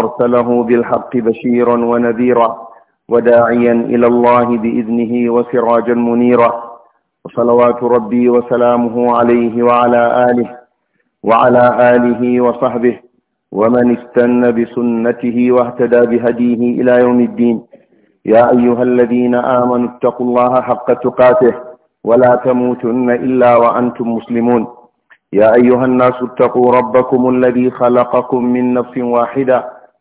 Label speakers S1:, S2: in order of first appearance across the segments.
S1: أرسله بالحق بشيرا ونذيرا وداعيا إلى الله بإذنه وسراجا منيرا وصلوات ربي وسلامه عليه وعلى آله وعلى آله وصحبه ومن استن بسنته واهتدى بهديه إلى يوم الدين يا أيها الذين آمنوا اتقوا الله حق تقاته ولا تموتن إلا وأنتم مسلمون يا أيها الناس اتقوا ربكم الذي خلقكم من نفس واحدة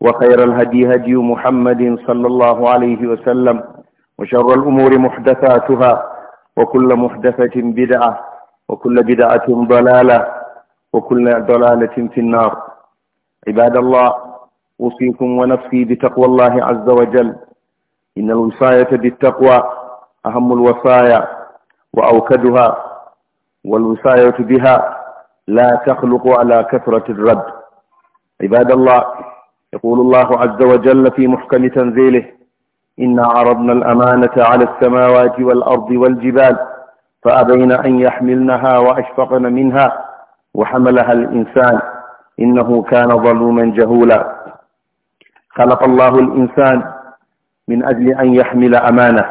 S1: وخير الهدي هدي محمد صلى الله عليه وسلم وشر الأمور محدثاتها وكل محدثة بدعة وكل بدعة ضلالة وكل ضلالة في النار عباد الله أوصيكم ونفسي بتقوى الله عز وجل إن الوصاية بالتقوى أهم الوصايا وأوكدها والوصاية بها لا تخلق على كثرة الرد عباد الله يقول الله عز وجل في محكم تنزيله إنا عرضنا الأمانة على السماوات والأرض والجبال فأبين أن يحملنها وأشفقن منها وحملها الإنسان إنه كان ظلوما جهولا خلق الله الإنسان من أجل أن يحمل أمانة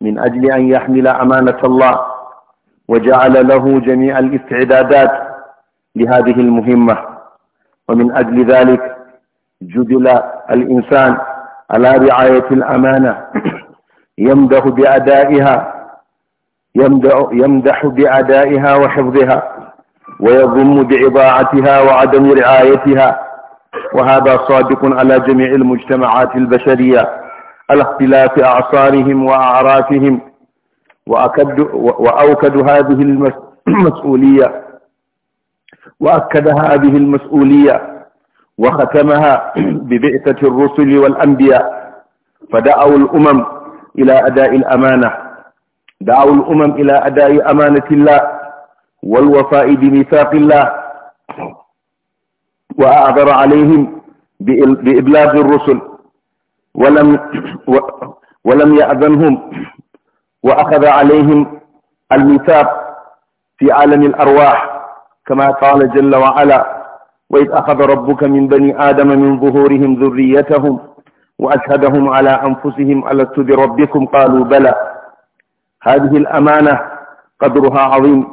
S1: من أجل أن يحمل أمانة الله وجعل له جميع الاستعدادات لهذه المهمة ومن أجل ذلك جدل الإنسان على رعاية الأمانة يمدح بأدائها يمدح بأدائها وحفظها ويضم بإضاعتها وعدم رعايتها وهذا صادق على جميع المجتمعات البشرية على اختلاف أعصارهم وأعرافهم وأكد وأوكد هذه المسؤولية وأكد هذه المسؤولية وختمها ببعثة الرسل والأنبياء فدعوا الأمم إلى أداء الأمانة دعوا الأمم إلى أداء أمانة الله والوفاء بميثاق الله وأعذر عليهم بإبلاغ الرسل ولم ولم يأذنهم وأخذ عليهم الميثاق في عالم الأرواح كما قال جل وعلا وإذ أخذ ربك من بني آدم من ظهورهم ذريتهم وأشهدهم على أنفسهم ألست بربكم قالوا بلى هذه الأمانة قدرها عظيم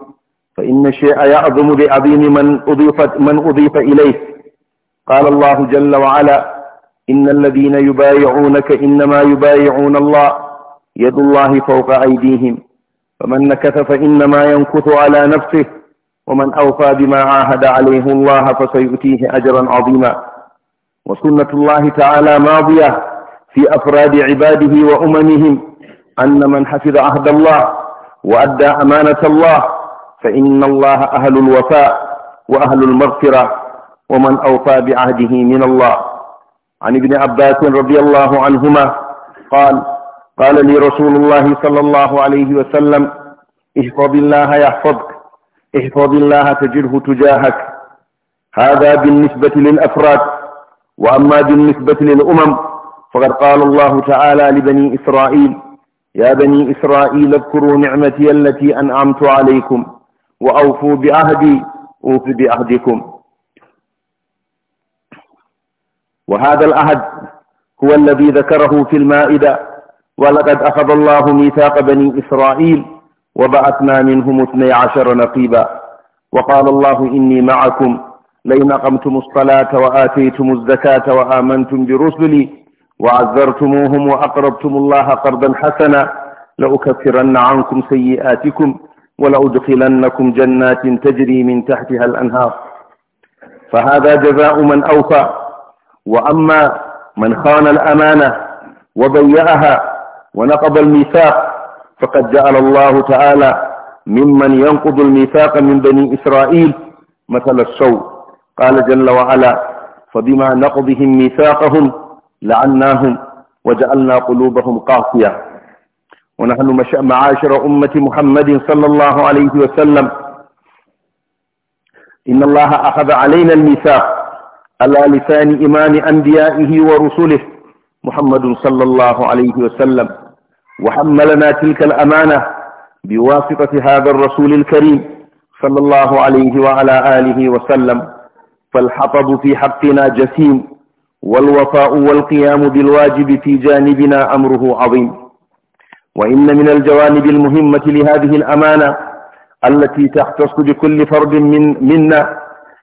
S1: فإن الشيء يعظم بعظيم من أضيف, من أضيف إليه قال الله جل وعلا إن الذين يبايعونك إنما يبايعون الله يد الله فوق أيديهم فمن نكث فإنما ينكث على نفسه ومن أوفى بما عاهد عليه الله فسيؤتيه أجرا عظيما وسنة الله تعالى ماضية في أفراد عباده وأممهم أن من حفظ عهد الله وأدى أمانة الله فإن الله أهل الوفاء وأهل المغفرة ومن أوفى بعهده من الله عن ابن عباس رضي الله عنهما قال قال لي رسول الله صلى الله عليه وسلم احفظ الله يحفظك احفظ الله تجره تجاهك هذا بالنسبة للأفراد وأما بالنسبة للأمم فقد قال الله تعالى لبني إسرائيل يا بني إسرائيل اذكروا نعمتي التي أنعمت عليكم وأوفوا بعهدي أوف بعهدكم وهذا العهد هو الذي ذكره في المائدة ولقد أخذ الله ميثاق بني إسرائيل وبعثنا منهم اثني عشر نقيبا وقال الله إني معكم لئن أقمتم الصلاة وآتيتم الزكاة وآمنتم برسلي وعذرتموهم وأقرضتم الله قرضا حسنا لأكفرن عنكم سيئاتكم ولأدخلنكم جنات تجري من تحتها الأنهار فهذا جزاء من أوفى وأما من خان الأمانة وبيعها ونقض الميثاق فقد جعل الله تعالى ممن ينقض الميثاق من بني إسرائيل مثل السوء قال جل وعلا فبما نقضهم ميثاقهم لعناهم وجعلنا قلوبهم قاسية ونحن معاشر أمة محمد صلى الله عليه وسلم إن الله أخذ علينا الميثاق على لسان إمام أنبيائه ورسله محمد صلى الله عليه وسلم وحملنا تلك الأمانة بواسطة هذا الرسول الكريم صلى الله عليه وعلى آله وسلم فالحطب في حقنا جسيم والوفاء والقيام بالواجب في جانبنا أمره عظيم وإن من الجوانب المهمة لهذه الأمانة التي تختص بكل فرد من منا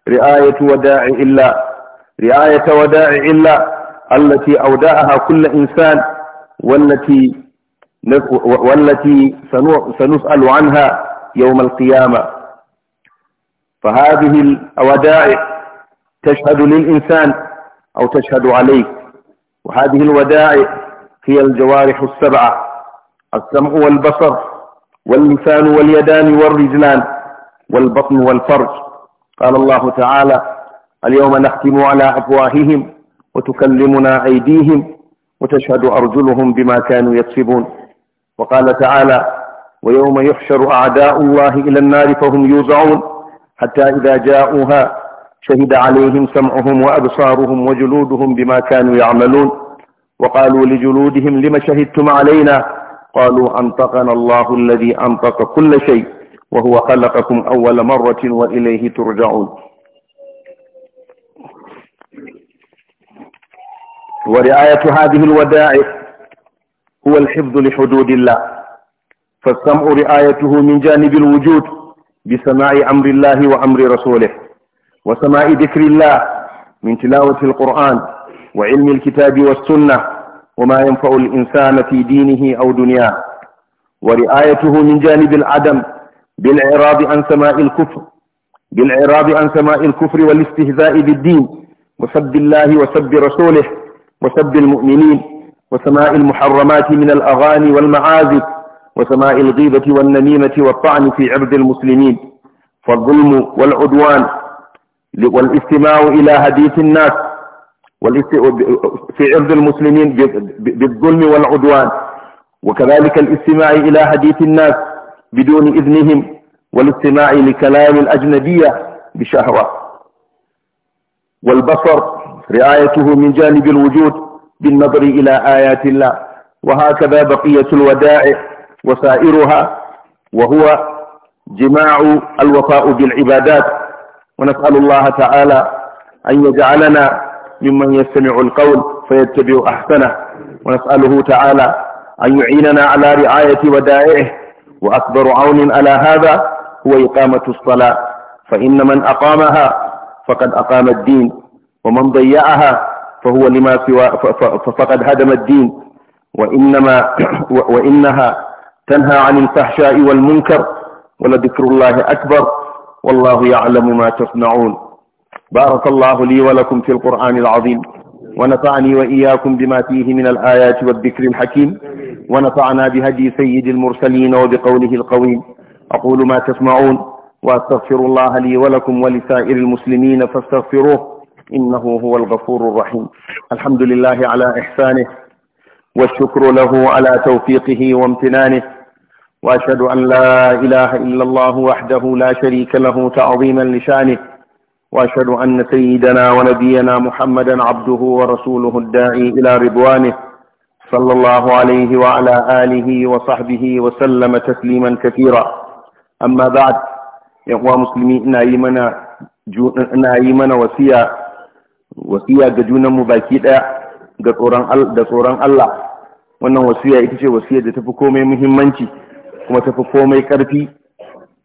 S1: رعاية وداع إلا رعاية وداع إلا التي أودعها كل إنسان والتي والتي سنسأل عنها يوم القيامة فهذه الودائع تشهد للإنسان أو تشهد عليه وهذه الودائع هي الجوارح السبعة السمع والبصر واللسان واليدان والرجلان والبطن والفرج قال الله تعالى اليوم نختم على أفواههم وتكلمنا أيديهم وتشهد أرجلهم بما كانوا يكسبون وقال تعالى ويوم يحشر أعداء الله إلى النار فهم يوزعون حتى إذا جاءوها شهد عليهم سمعهم وأبصارهم وجلودهم بما كانوا يعملون وقالوا لجلودهم لما شهدتم علينا قالوا أنطقنا الله الذي أنطق كل شيء وهو خلقكم أول مرة وإليه ترجعون ورعاية هذه الودائع هو الحفظ لحدود الله فالسمع رعايته من جانب الوجود بسماع أمر الله وأمر رسوله وسماع ذكر الله من تلاوة القرآن وعلم الكتاب والسنة وما ينفع الإنسان في دينه أو دنياه ورعايته من جانب العدم بالإعراض عن سماء الكفر بالإعراض عن سماء الكفر والاستهزاء بالدين وسب الله وسب رسوله وسب المؤمنين وسماء المحرمات من الأغاني والمعازف وسماء الغيبة والنميمة والطعن في عرض المسلمين فالظلم والعدوان والاستماع إلى حديث الناس في عرض المسلمين بالظلم والعدوان وكذلك الاستماع إلى حديث الناس بدون إذنهم والاستماع لكلام الأجنبية بشهوة والبصر رعايته من جانب الوجود بالنظر إلى آيات الله وهكذا بقية الودائع وسائرها وهو جماع الوفاء بالعبادات ونسأل الله تعالى أن يجعلنا ممن يستمع القول فيتبع أحسنه ونسأله تعالى أن يعيننا على رعاية ودائعه وأكبر عون على هذا هو إقامة الصلاة فإن من أقامها فقد أقام الدين ومن ضيعها فهو لما سوى فقد هدم الدين وإنما وإنها تنهى عن الفحشاء والمنكر ولذكر الله أكبر والله يعلم ما تصنعون بارك الله لي ولكم في القرآن العظيم ونفعني وإياكم بما فيه من الآيات والذكر الحكيم ونفعنا بهدي سيد المرسلين وبقوله القويم أقول ما تسمعون وأستغفر الله لي ولكم ولسائر المسلمين فاستغفروه إنه هو الغفور الرحيم الحمد لله على إحسانه والشكر له على توفيقه وامتنانه وأشهد أن لا إله إلا الله وحده لا شريك له تعظيما لشانه وأشهد أن سيدنا ونبينا محمدا عبده ورسوله الداعي إلى رضوانه صلى الله عليه وعلى آله وصحبه وسلم تسليما كثيرا أما بعد يا إخوة مسلمين نائمنا نائمنا وسيا wasiya ga junanmu baki ɗaya da tsoron Allah wannan wasiya ita ce wasiyar da tafi komai muhimmanci kuma tafi komai ƙarfi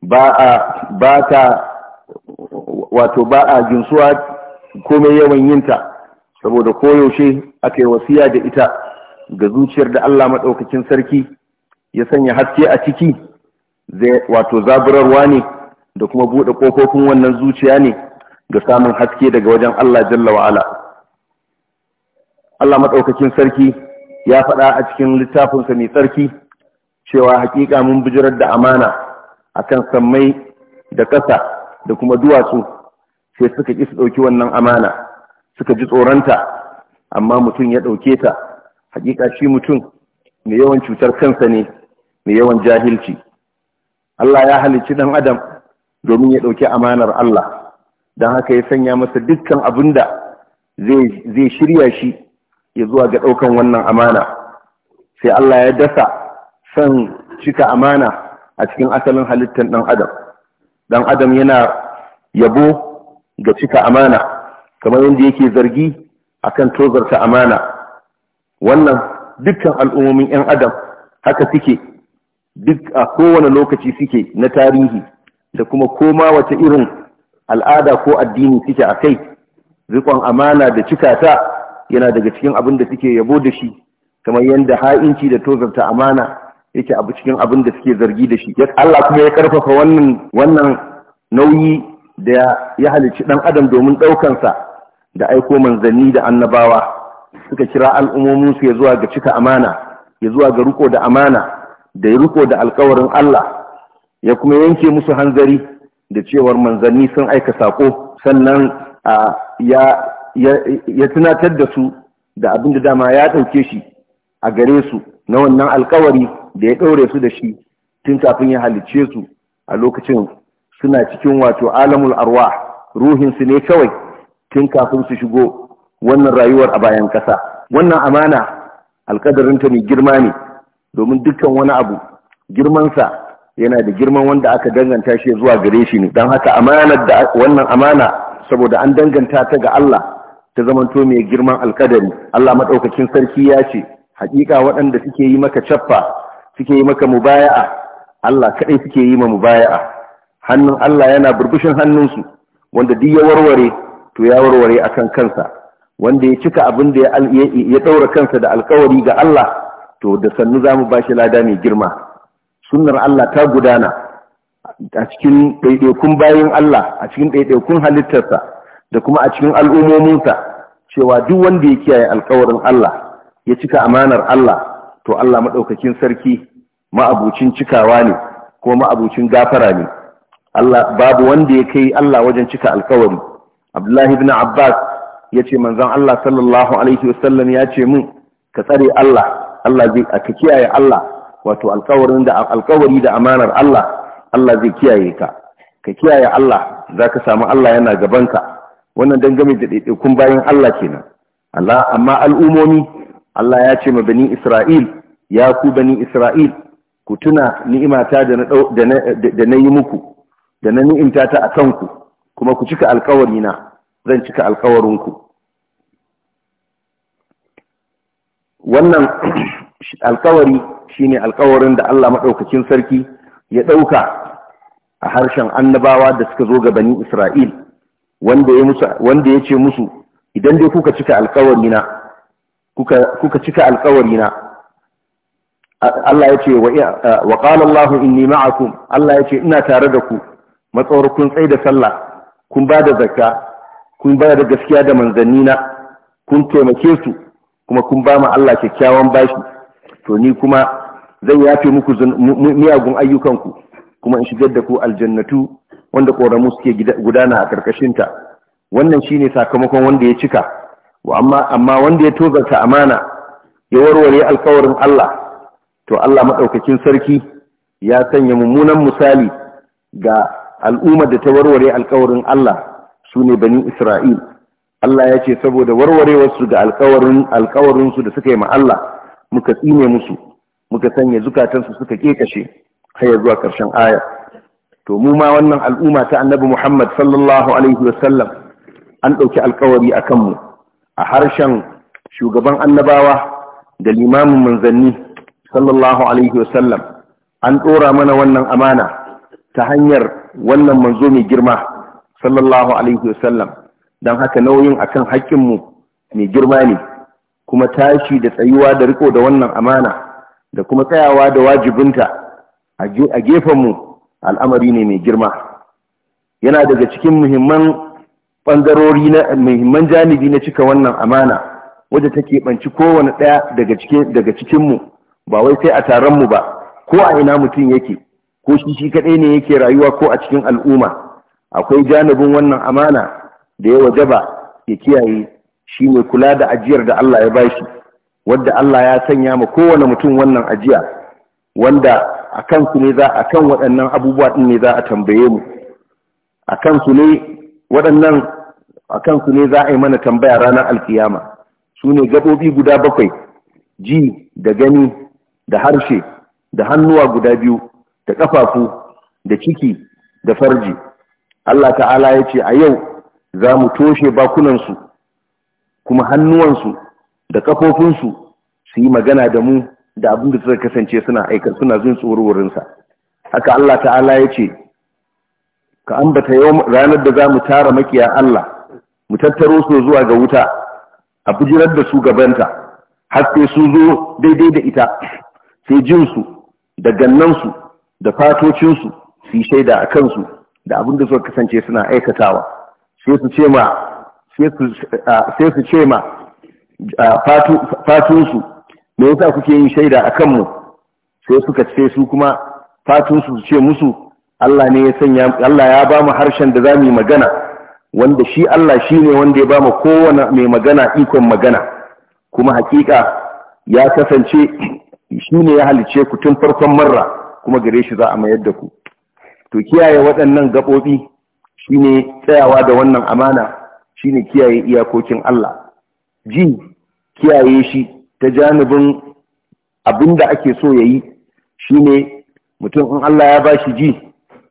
S1: ba a ba ta wato ba a jinsuwa komai yawan yinta saboda koyaushe aka yi wasiya da ita ga zuciyar da Allah maɗaukakin sarki ya sanya haske a ciki wato zaburarwa ne da kuma buɗe ƙofofin wannan zuciya ne da samun haske daga wajen Allah jalla wa'ala Allah maɗaukakin sarki ya faɗa a cikin littafinsa mai tsarki cewa hakika mun bijirar da amana a kan sammai da ƙasa da kuma duwatsu sai suka ƙi su ɗauki wannan amana suka ji tsoronta amma mutum ya ɗauke ta hakika shi mutum mai yawan cutar kansa ne mai yawan jahilci Allah ya halicci ɗan adam domin ya ɗauki amanar Allah don haka ya sanya masa dukkan abin da zai shirya shi ya zuwa ga ɗaukan wannan amana sai Allah ya dasa son cika amana a cikin asalin halittar ɗan adam ɗan adam yana yabo ga cika amana kamar yadda yake zargi akan tozarta amana wannan dukkan al'ummomin 'yan adam haka suke duk a kowane lokaci suke na tarihi da kuma koma wata irin al'ada ko addini suke a kai rikon amana da cika cikata yana daga cikin abin da suke yabo da shi kamar yadda ha'inci da tozarta amana yake abu cikin abin da suke zargi da shi Allah kuma ya karfafa wannan wannan nauyi da ya halicci dan adam domin ɗaukansa da aiko manzanni da annabawa suka kira al'ummomin su ya zuwa ga cika amana ya zuwa ga riko da amana da ya riko da alkawarin Allah ya kuma yanke musu hanzari da cewar manzanni sun aika sako sannan ya tunatar da su da abin da dama ya ɗauke shi a gare su na wannan alkawari da ya ɗaure su da shi tun kafin ya halicce su a lokacin suna cikin wato alamul arwa ruhinsu ne kawai tun kafin su shigo wannan rayuwar a bayan ƙasa wannan amana alƙadarinta mai girma ne domin dukkan wani abu girmansa yana da girman wanda aka danganta shi zuwa gare shi ne don haka amanar da wannan amana saboda an danganta ta ga Allah ta zamanto mai girman alkadari Allah madaukakin sarki ya ce hakika waɗanda suke yi maka caffa suke yi maka mubaya'a Allah kaɗai suke yi ma mubaya'a hannun Allah yana burbushin hannunsu wanda duk ya warware to ya warware akan kansa wanda ya cika abin da ya daura kansa da alkawari ga Allah to da sannu zamu shi lada mai girma sunnar Allah ta gudana a cikin ɗaiɗaikun bayan Allah a cikin ɗaiɗaikun halittarsa da kuma a cikin al'ummominsa cewa duk wanda ya kiyaye alkawarin Allah ya cika amanar Allah to Allah maɗaukakin sarki ma'abucin cikawa ne ko ma'abucin gafara ne Allah babu wanda ya kai Allah wajen cika alkawari Abdullahi ibn Abbas ya ce manzon Allah sallallahu alaihi wasallam ya ce mun ka tsare Allah Allah zai ka kiyaye Allah wato alkawarin da alkawari da amanar Allah Allah zai kiyaye ka ka kiyaye Allah za ka samu Allah yana gabanka wannan dangane da ɗaiɗaikun bayan Allah kenan Allah amma al'umomi Allah ya ce ma bani Isra'il ya ku bani Isra'il ku tuna ni'imata da na yi muku da na ni'imta ta akan ku kuma ku cika alkawari na zan cika alkawarin ku wannan alkawari shine alkawarin da Allah maɗaukakin sarki ya ɗauka a harshen annabawa da suka zo ga bani Isra'il wanda ya ce musu idan dai kuka cika na? kuka cika na? Allah ya ce wa qala inni ma'akum Allah ya ce ina tare da ku matsawar kun tsaye da sallah kun ba da zakka kun ba da gaskiya da manzannina kun taimake su kuma kun ba mu Allah kyakkyawan bashi to ni kuma zan yafe muku miyagun ayyukanku kuma in shigar da ku aljannatu wanda ƙoramu suke gudana a ƙarƙashinta wannan shi ne sakamakon wanda ya cika amma wanda ya tozarta amana ya warware alkawarin Allah to Allah maɗaukakin sarki ya sanya mummunan misali ga al'ummar da ta warware alkawarin Allah su ne bani Isra'il Allah ya ce saboda warwarewarsu da alkawarin alkawarinsu da suka yi ma Allah muka tsine musu muka sanya zukatansu suka kekashe har zuwa ƙarshen aya to mu ma wannan al'umma ta annabi Muhammad sallallahu alaihi wa sallam an ɗauki alkawari a kanmu a harshen shugaban annabawa da limamin manzanni sallallahu alaihi wa sallam an ɗora mana wannan amana ta hanyar wannan manzo mai girma sallallahu alaihi wa sallam don haka nauyin akan haƙƙinmu mai girma ne kuma tashi da tsayuwa da riko da wannan amana da kuma tsayawa da wajibinta a gefenmu al'amari ne mai girma yana daga cikin muhimman ɓangarori na muhimman janibi na cika wannan amana wadda take banci kowane ɗaya daga cikinmu ba wai sai a taronmu ba ko a ina mutum yake ko shi shi kaɗai ne yake rayuwa ko a cikin al'umma akwai janibin wannan amana da ya wajaba ya kiyaye shi mai kula da ajiyar da Allah ya bashi wadda Allah ya sanya ma kowane mutum wannan ajiya wanda a su ne za a kan waɗannan abubuwa ɗin ne za a tambaye mu a kan ne ne za a yi mana tambaya ranar alkiyama su ne gaɓoɓi guda bakwai ji da gani da harshe da hannuwa guda biyu da ƙafafu da ciki da farji Allah ta'ala ya ce a yau za mu toshe bakunansu kuma hannuwansu da kafofinsu su yi magana da mu da abin da suka kasance suna aikar suna jin tsoruwarinsa haka Allah ta'ala ya ce ka ambata yau ranar da za mu tara makiya Allah mu tattaro su zuwa ga wuta a bujirar da su gabanta har sai su zo daidai da ita sai jinsu da gannansu da fatocinsu su yi shaida a kansu da abin da suka kasance suna aikatawa sai su ce ma sai su ce ma fatunsu me yasa kuke yin shaida a kanmu sai suka ce su kuma fatunsu su ce musu Allah ne ya sanya Allah ya ba mu harshen da za mu yi magana wanda shi Allah shi ne wanda ya ba mu kowane mai magana ikon magana kuma hakika ya kasance shi ne ya halice ku tun farkon marra kuma gare shi za a mayar da ku to kiyaye waɗannan gaɓoɓi shi ne tsayawa da wannan amana shine kiyaye iyakokin Allah ji kiyaye shi ta janibin abinda ake so yayi shine mutum in Allah ya bashi ji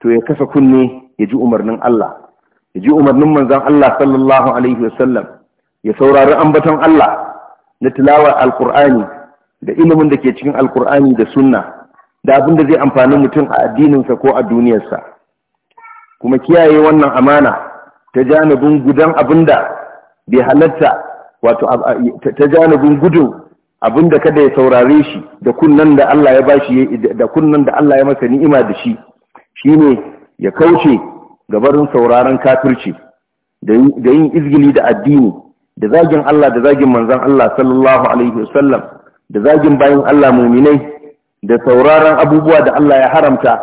S1: to ya kasa kunne ya ji umarnin Allah ya ji umarnin manzon Allah sallallahu alaihi wasallam ya saurari ambaton Allah na tilawar alkur'ani da ilimin da ke cikin alkur'ani da sunna da abin da zai amfani mutum a addininsa ko a duniyarsa kuma kiyaye wannan amana ta janibin gudan abinda bai halatta wato ta janibin gudun abinda kada ya saurare shi da kunnan da Allah ya bashi da kunnan da Allah ya masa ni'ima da shi shine ya kauce gabarin sauraron kafirci da yin izgili da addini da zagin Allah da zagin manzon Allah sallallahu alaihi wasallam da zagin bayin Allah mu'minai da sauraron abubuwa da Allah ya haramta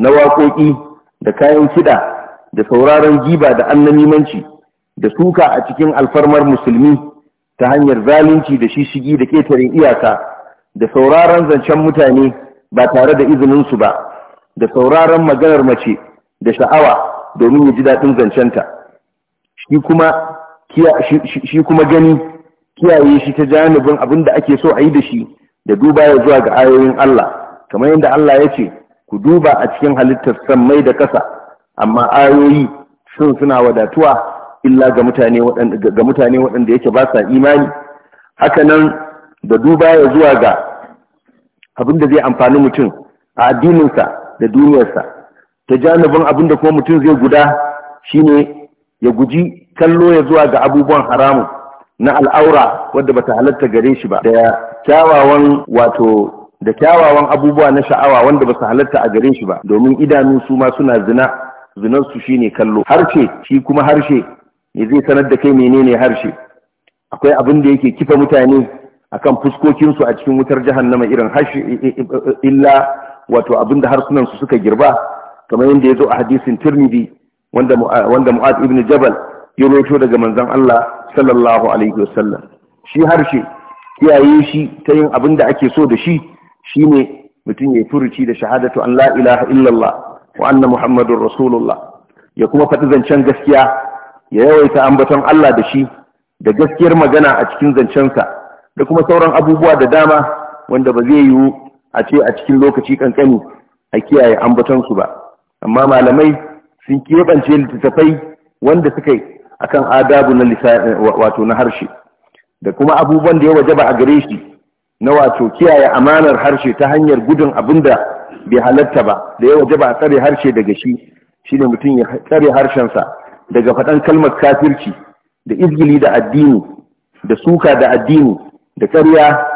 S1: na waƙoƙi da kayan kiɗa da sauraron giba da annamimanci da suka a cikin alfarmar musulmi ta hanyar zalunci da shishigi da ƙetare iyaka da sauraron zancen mutane ba tare da izininsu ba da sauraron maganar mace da sha'awa domin ya ji daɗin zancenta shi kuma gani kiyaye shi ta janibin abin da ake so a yi da shi da duba ya zuwa ga ayoyin Allah kamar yadda Allah ya ce ku duba a cikin halittar sammai da ƙasa amma ayoyi sun suna wadatuwa illa ga mutane waɗanda yake ba sa imani haka nan da duba ya zuwa ga abin da zai amfani mutum a addininsa da duniyarsa ta janibin abin da kuma mutum zai guda shine ya guji kallo ya zuwa ga abubuwan haramun na al'aura wadda bata halatta gare shi ba da kyawawan wato da kyawawan abubuwa na sha'awa wanda ba su halatta a gare shi ba domin idanu su ma suna zina zinansu shi ne kallo harshe shi kuma harshe ne zai sanar da kai menene harshe akwai abin da yake kifa mutane akan fuskokinsu a cikin wutar jahannama irin harshe illa wato abin da harsunansu suka girba kamar yadda ya zo a hadisin tirmidhi wanda wanda mu'ad ibn jabal ya roto daga manzon Allah sallallahu alaihi wasallam shi harshe kiyaye shi ta yin abin da ake so da shi shi ne mutum ya furuci da shahadatu an la ilaha illallah wa anna muhammadur rasulullah ya kuma faɗi zancen gaskiya ya yawaita ambaton Allah da shi da gaskiyar magana a cikin zancensa da kuma sauran abubuwa da dama wanda ba zai yiwu a ce a cikin lokaci kankani a kiyaye ambatonsu ba amma malamai sun keɓance littattafai wanda suka yi akan adabu na wato na harshe da kuma abubuwan da ya wajaba a gare shi na wato kiyaye amanar harshe ta hanyar gudun abin da bai halatta ba da ya waje ba a tsare harshe daga shi shi ne mutum ya tsare harshensa daga faɗan kalmar kafirci da izgili da addini da suka da addini da ƙarya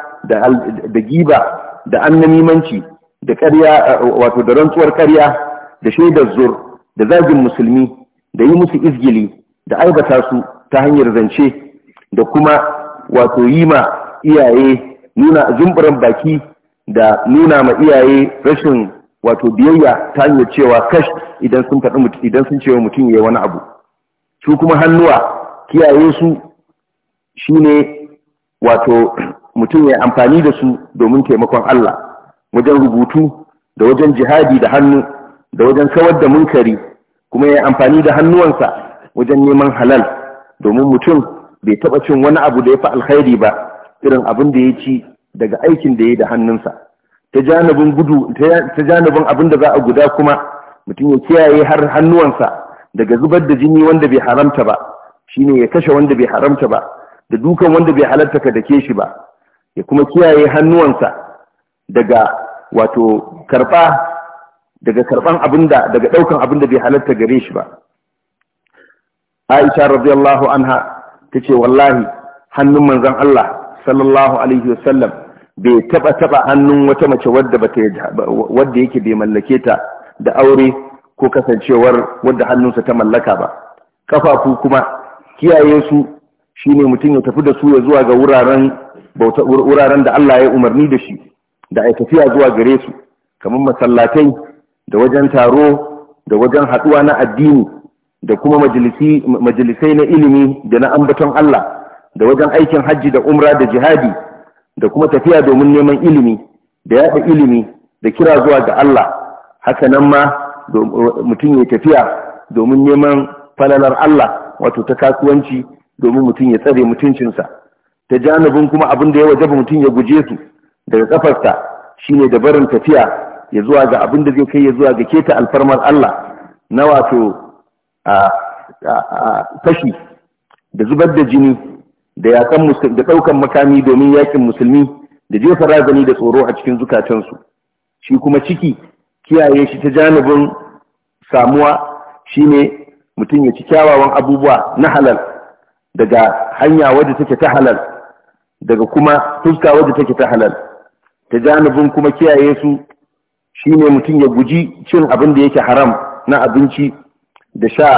S1: da giba da annamimanci da ƙarya wato da rantsuwar ƙarya da shaidar zur da zagin musulmi da yi musu izgili da aibata su ta hanyar zance da kuma wato yi ma iyaye nuna zumburan baki da nuna ma iyaye rashin wato biyayya ta hanyar cewa kash idan sun faɗi mutum idan sun cewa mutum ya wani abu su kuma hannuwa kiyaye su shine wato mutum ya amfani da su domin taimakon Allah wajen rubutu da wajen jihadi da hannu da wajen kawar da munkari kuma ya amfani da hannuwansa wajen neman halal domin mutum bai taɓa cin wani abu da ya fi alkhairi ba irin abin da ya ci daga aikin da ya yi da hannunsa ta janabin gudu ta abin da za a guda kuma mutum ya kiyaye har hannuwansa daga zubar da jini wanda bai haramta ba shine ya kashe wanda bai haramta ba da dukan wanda bai halarta ka dake shi ba ya kuma kiyaye hannuwansa daga wato karba daga karban abinda daga daukan da bai halarta gare shi ba Aisha radiyallahu anha tace wallahi hannun manzon Allah sallallahu alaihi wasallam bai taba taba hannun wata mace wadda yake bai mallake ta da aure ko kasancewar wadda hannunsa ta mallaka ba kafafu kuma kiyaye su shine mutum ya tafi da su ya zuwa ga wuraren da Allah ya umarni da shi da ai tafiya zuwa gare su kamar masallatai da wajen taro da wajen haduwa na addini da kuma majalisai na ilimi da na ambaton Allah da wajen aikin hajji da umra da jihadi da kuma tafiya domin neman ilimi da yaɗa ilimi da kira zuwa ga Allah haka nan ma mutum ya tafiya domin neman falalar Allah wato ta kasuwanci domin mutum ya tsare mutuncinsa ta janibin kuma abin da ya wajaba mutum ya guje su daga kafarsa shine da barin tafiya ya zuwa ga abin da zai kai ya zuwa ga keta alfarmar Allah na wato a kashi da zubar da jini da yakan da daukan makami domin yakin musulmi da jefa razani da tsoro a cikin zukatansu shi kuma ciki kiyaye shi ta janibin samuwa shine mutum ya ci kyawawan abubuwa na halal daga hanya wadda take ta halal daga kuma fuska wadda take ta halal ta janibin kuma kiyaye su shine mutum ya guji cin abin da yake haram na abinci da sha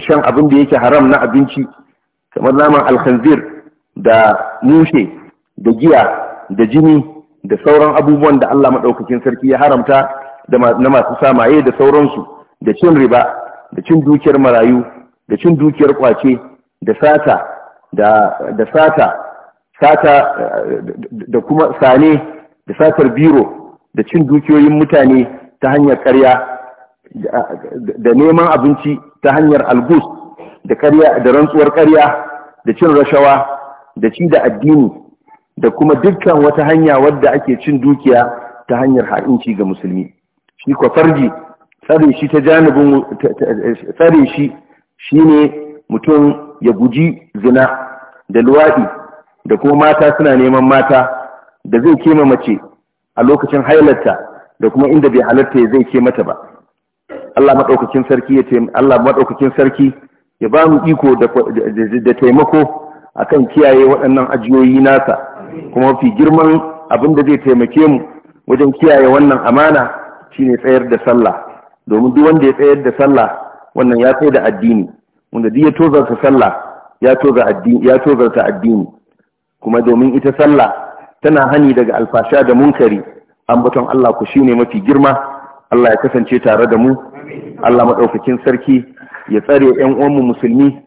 S1: shan abin da yake haram na abinci kamar naman alkhanzir da mushe da giya da jini da sauran abubuwan da Allah maɗaukakin sarki ya haramta na masu samaye da sauransu da cin riba da cin dukiyar marayu da cin dukiyar kwace da sata da sata sata da kuma sane da satar biro da cin dukiyoyin mutane ta hanyar karya da neman abinci ta hanyar algus da ƙarya da rantsuwar ƙarya da cin rashawa da ci da addini da kuma dukkan wata hanya wadda ake cin dukiya ta hanyar ha'inci ga musulmi shi kwa farji tsare shi ta janibin tsare shi shine mutum ya guji zina da luwaɗi da kuma mata suna neman mata da zai kema mace a lokacin hailarta da kuma inda bai halarta ya zai ke mata ba Allah maɗaukakin sarki ya ce Allah maɗaukakin sarki ya ba mu iko da taimako a kan kiyaye waɗannan ajiyoyi nasa kuma fi girman abin da zai taimake mu wajen kiyaye wannan amana shine tsayar da sallah domin duk wanda ya tsayar da sallah wannan ya tsaye da addini wanda duk ya tozarta sallah ya tozarta addini kuma domin ita sallah tana hani daga alfasha da munkari ambaton Allah ku shine mafi girma Allah ya kasance tare da mu Allah madaukakin sarki ya tsare 'yan uwanmu musulmi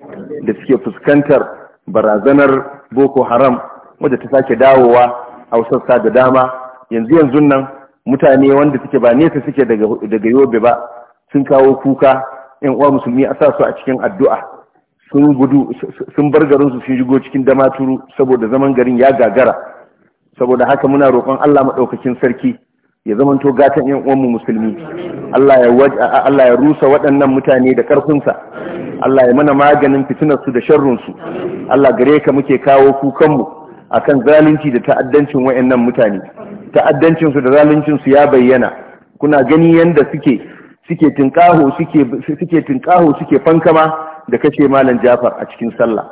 S1: da suke fuskantar barazanar boko haram wadda ta sake dawowa a sassa da dama yanzu yanzu nan mutane wanda suke ba nesa suke daga yobe ba sun kawo kuka 'yan uwa musulmi a sasu a cikin addu'a sun gudu sun bar garinsu sun shigo cikin damaturu saboda zaman garin ya gagara saboda haka muna roƙon Allah maɗaukakin sarki ya to gatan yan uwanmu musulmi Allah ya rusa waɗannan mutane da ƙarfinsa Allah ya mana maganin fitinar su da sharrunsu Allah gare ka muke kawo kukanmu akan zalunci da ta'addancin waɗannan mutane ta'addancinsu da zaluncinsu ya bayyana kuna gani yanda suke suke tinkaho suke suke tinkaho suke fankama da kashe malam Jafar a cikin sallah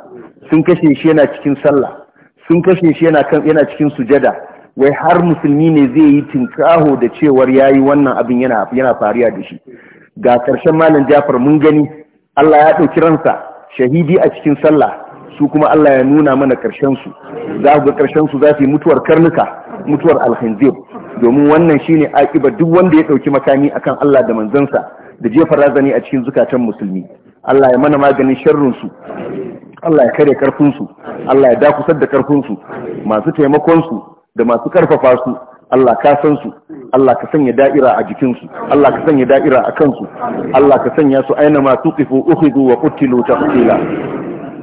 S1: sun kashe shi yana cikin sallah sun kashe shi yana cikin sujada wai har musulmi ne zai yi tinkaho da cewar ya yi wannan abin yana fariya da shi ga ƙarshen malam Jafar mun gani Allah ya ɗauki ransa shahidi a cikin sallah su kuma Allah ya nuna mana ƙarshen su za ga ƙarshen za su yi mutuwar karnuka mutuwar alhanzir domin wannan shine aƙibar duk wanda ya ɗauki makami akan Allah da manzansa da jefa razani a cikin zukatan musulmi Allah ya mana maganin sharrinsu. Allah ya kare ƙarfinsu. Allah ya dakusar da ƙarfinsu, masu taimakonsu. da masu karfafa su Allah ka san su Allah ka sanya da'ira a jikinsu Allah ka sanya da'ira a kansu Allah ka sanya su aina ma tuqifu ukhidu wa qutilu taqila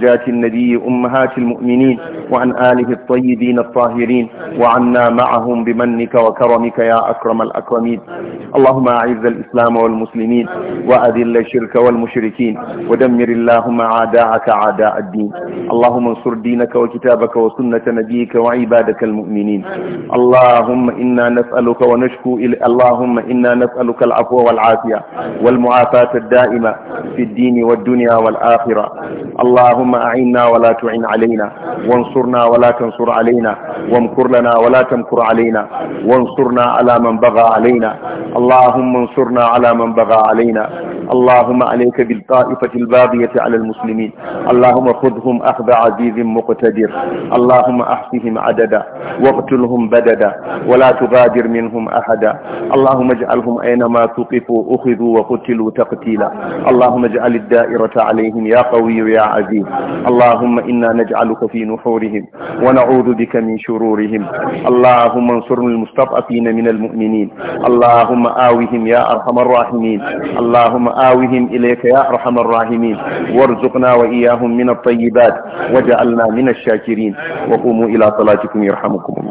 S1: زوجات النبي أمهات المؤمنين وعن آله الطيبين الطاهرين وعنا معهم بمنك وكرمك يا أكرم الأكرمين اللهم أعز الإسلام والمسلمين وأذل الشرك والمشركين ودمر اللهم عداءك عداء الدين اللهم انصر دينك وكتابك وسنة نبيك وعبادك المؤمنين اللهم إنا نسألك ونشكو إلى اللهم إنا نسألك العفو والعافية والمعافاة الدائمة في الدين والدنيا والآخرة اللهم اللهم أعنا ولا تعن علينا وانصرنا ولا تنصر علينا وامكر لنا ولا تمكر علينا وانصرنا على من بغى علينا اللهم انصرنا على من بغى علينا اللهم عليك بالطائفة الباغية على المسلمين اللهم خذهم أخذ عزيز مقتدر اللهم أحصهم عددا واقتلهم بددا ولا تغادر منهم أحدا اللهم اجعلهم أينما ثقفوا أخذوا وقتلوا تقتيلا اللهم اجعل الدائرة عليهم يا قوي يا عزيز اللهم إنا نجعلك في نحورهم ونعوذ بك من شرورهم اللهم انصر المستضعفين من المؤمنين اللهم آوهم يا أرحم الراحمين اللهم مآوهم إليك يا أرحم الراحمين وارزقنا وإياهم من الطيبات وجعلنا من الشاكرين وقوموا إلى صلاتكم يرحمكم الله